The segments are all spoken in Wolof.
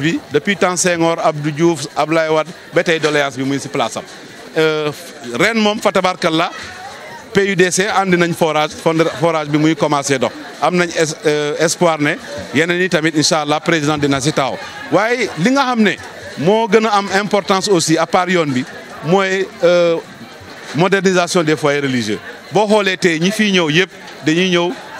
bi depuis temps Senghor Abdou Diouf Ablaye Wade ba tey doléance bi muy ci place am euh reine mom fa tabarkalla PUDC andi nañ forage forage bi muy commencer dox am nañ euh, espoir né yeneen yi tamit inshallah président dina si taaw waaye li nga xamné mo gëna am importance aussi à part yone bi moy euh modernisation des foyers religieux bo xolé tey ñi fi ñëw yépp dañuy ñëw.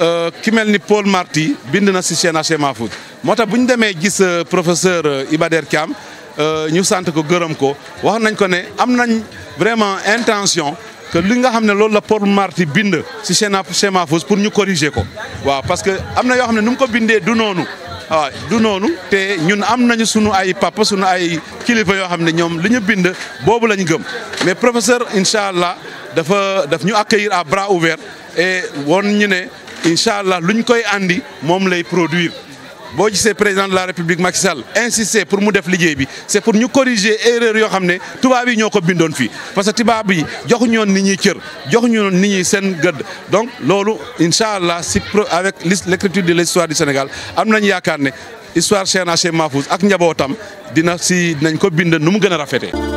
Euh, ki mel ni Paul Marty bind na si CNHM Foot moo tax bu ñu demee gis euh, professeur euh, Iba Der Thiam ñu sant ko gërëm ko wax nañ ko ne am nañ vraiment intention que li nga xam ne loolu la Paul Marty bind si CNHM Foot pour ñu corriger ko waaw parce que am na yoo xam ne nu mu ko bindee du noonu du noonu te ñun am nañu sunu ay papa sunu ay kilifa yoo xam ne ñoom li ñu bind boobu lañu gëm mais professeur incha allah dafa daf ñu accueillir à bras ouverts et woon ñu ne. incha allah lu ñu koy andi moom lay produire boo gisee président de la république Macky Sall insister pour mu def liggéey bi c'est pour ñu corriger erreur yoo xam ne tubaab yi ñoo ko bindoon fii parce que tubaab yi joxuñu woon nit ñi cër joxuñu woon nit ñi seen gëdd donc loolu incha allah si avec l'écriture de l'histoire du Sénégal am nañu yaakaar ne histoire Cheikhna Cheikh Mahfouz ak njabootam dina si dinañ ko bind nu mu gën a rafetee.